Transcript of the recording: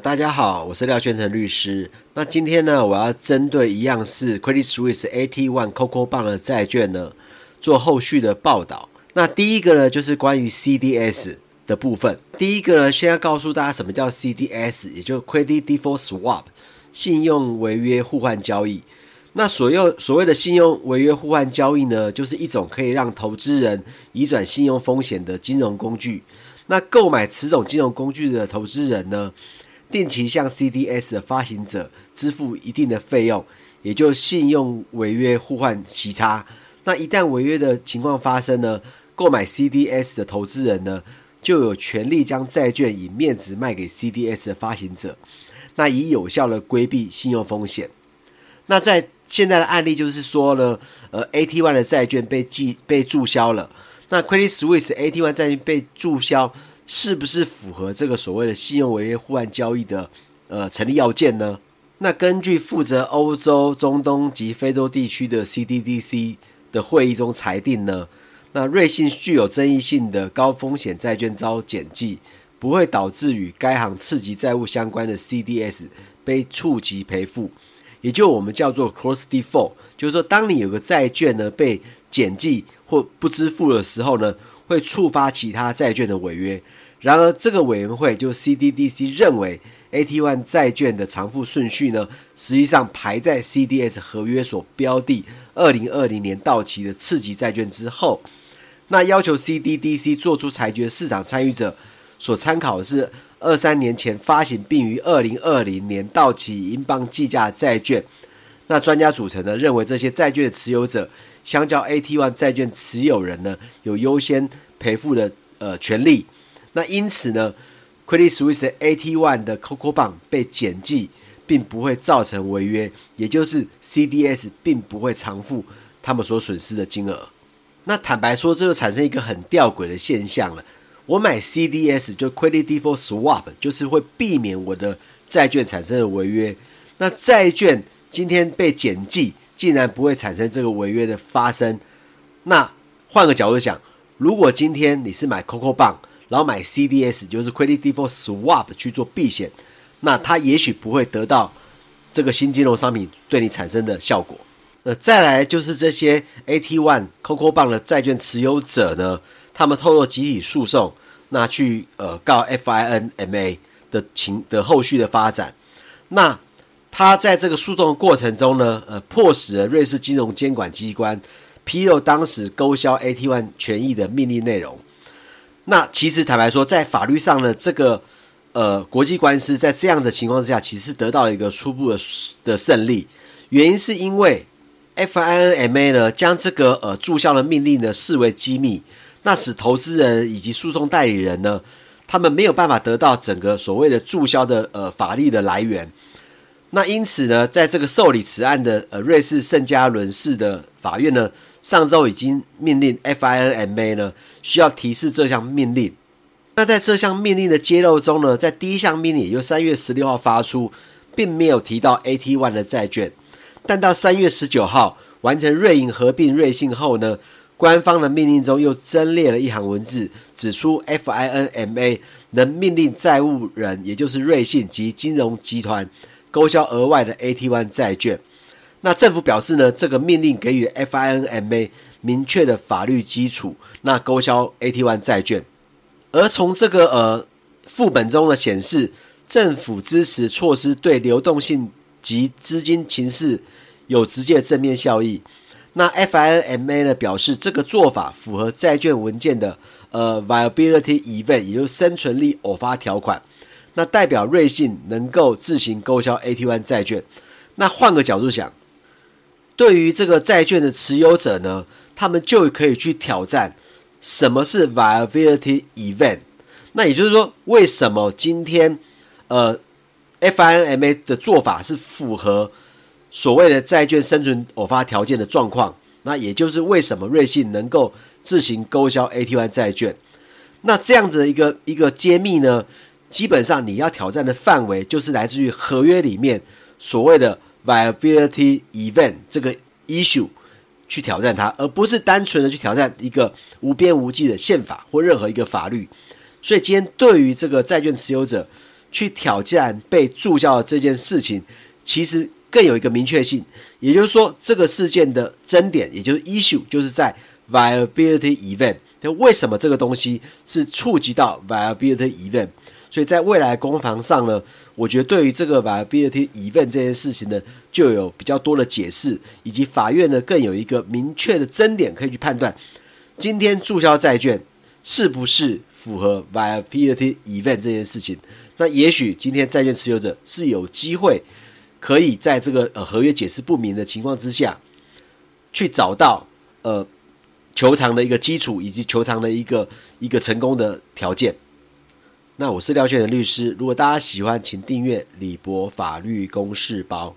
大家好，我是廖宣成律師。那今天呢，我要針對一樣是 Credit Suisse AT1 CoCo Bond 的債券呢，做後續的報道。那第一個呢，就是關於 CDS 的部分。第一個呢，先要告訴大家什麼叫 CDS，也就是 Credit Default Swap，信用違約互換交易。那所有所謂的信用違約互換交易呢，就是一種可以讓投資人移轉信用風險的金融工具。那購買此種金融工具的投資人呢，定期向 CDS 的發行者支付一定的費用，也就信用違約互換息差。那一旦違約的情況發生呢，購買 CDS 的投資人呢，就有權利將債券以面值賣給 CDS 的發行者，那以有效的規避信用風險。那在現在的案例就是說呢，呃，AT1 的債券被記被註銷了，那 Credit Suisse AT1 債券被註銷。是不是符合這個所謂的信用違約互換交易的呃成立要件呢？那根據負責歐洲、中東及非洲地區的 CDDC 的會議中裁定呢，那瑞信具有爭議性的高風險債券遭減記，不會導致與該行次級債務相關的 CDS 被觸及賠付，也就我們叫做 cross default，就是說當你有個債券呢被減記或不支付的時候呢，會觸發其他債券的違約。然而，這個委員會就 CDDC 認為，AT1 債券的償付順序呢，實際上排在 CDS 合約所標的二零二零年到期的次級債券之後。那要求 CDDC 做出裁決的市場參與者所參考的是二三年前發行，並於二零二零年到期英鎊計價債券。那專家組成呢，認為這些債券的持有者，相較 AT1 債券持有人呢，有優先賠付的呃權利。那因此呢，Credit Suisse AT1 的 COCO 棒被減記，並不會造成違約，也就是 CDS 並不會償付他們所損失的金額。那坦白說，這就產生一個很吊詭的現象了。我買 CDS 就 Credit Default Swap，就是會避免我的債券產生的違約。那債券今天被減記，竟然不會產生這個違約的發生。那換個角度想，如果今天你是買 COCO 棒，然後買 CDS，就是 Credit Default Swap 去做避險，那他也許不會得到這個新金融商品對你產生的效果。那、呃、再來就是這些 AT1、COCO bond 的債券持有者呢，他們透過集體訴訟，那去呃告 FINMA 的情的後續的發展，那他在這個訴訟的過程中呢，呃，迫使了瑞士金融監管機關披露當時勾銷 AT1 權益的命令內容。那其實坦白說，在法律上呢，這個呃國際官司在這樣的情況之下，其實是得到了一個初步的的勝利。原因是因為 FINMA 呢將這個呃註銷的命令呢視為機密，那使投資人以及訴訟代理人呢，他們沒有辦法得到整個所謂的註銷的呃法律的來源。那因此呢，在這個受理此案的呃瑞士聖加倫市的法院呢，上周已經命令 FINMA 呢需要提示這項命令。那在這項命令的揭露中呢，在第一項命令，也就是三月十六號發出，並沒有提到 AT1 的債券。但到三月十九號完成瑞銀合併瑞信後呢，官方的命令中又增列了一行文字，指出 FINMA 能命令債務人，也就是瑞信及金融集團。勾銷額外的 AT1 債券，那政府表示呢，這個命令給予 FINMA 明確的法律基礎。那勾銷 AT1 債券，而從這個呃副本中呢，顯示，政府支持措施對流動性及資金情勢有直接正面效益。那 FINMA 呢表示，這個做法符合債券文件的呃 Viability event，也就是生存力偶發條款。那代表瑞信能夠自行勾銷 AT1 債券。那換個角度想，對於這個債券的持有者呢，他們就可以去挑戰什麼是 viability event。那也就是說，為什麼今天呃 FINMA 的做法是符合所謂的債券生存偶發條件的狀況？那也就是為什麼瑞信能夠自行勾銷 AT1 債券？那這樣子的一個一個揭秘呢？基本上你要挑戰的範圍，就是來自於合約裡面所謂的 viability event 這個 issue 去挑戰它，而不是單純的去挑戰一個無邊無際的憲法或任何一個法律。所以今天對於這個債券持有者去挑戰被註銷的這件事情，其實更有一個明確性，也就是說這個事件的爭點，也就是 issue，就是在 viability event，就為什麼這個東西是觸及到 viability event？所以，在未來攻防上呢，我覺得對於這個 viability event 這件事情呢，就有比較多的解釋，以及法院呢更有一個明確的爭點可以去判斷，今天註銷債券是不是符合 viability event 這件事情。那也許今天債券持有者是有機會可以在這個呃合約解釋不明的情況之下，去找到呃求償的一個基礎，以及求償的一個一個成功的條件。那我是廖學仁律師，如果大家喜歡，請訂閱李博法律公事包。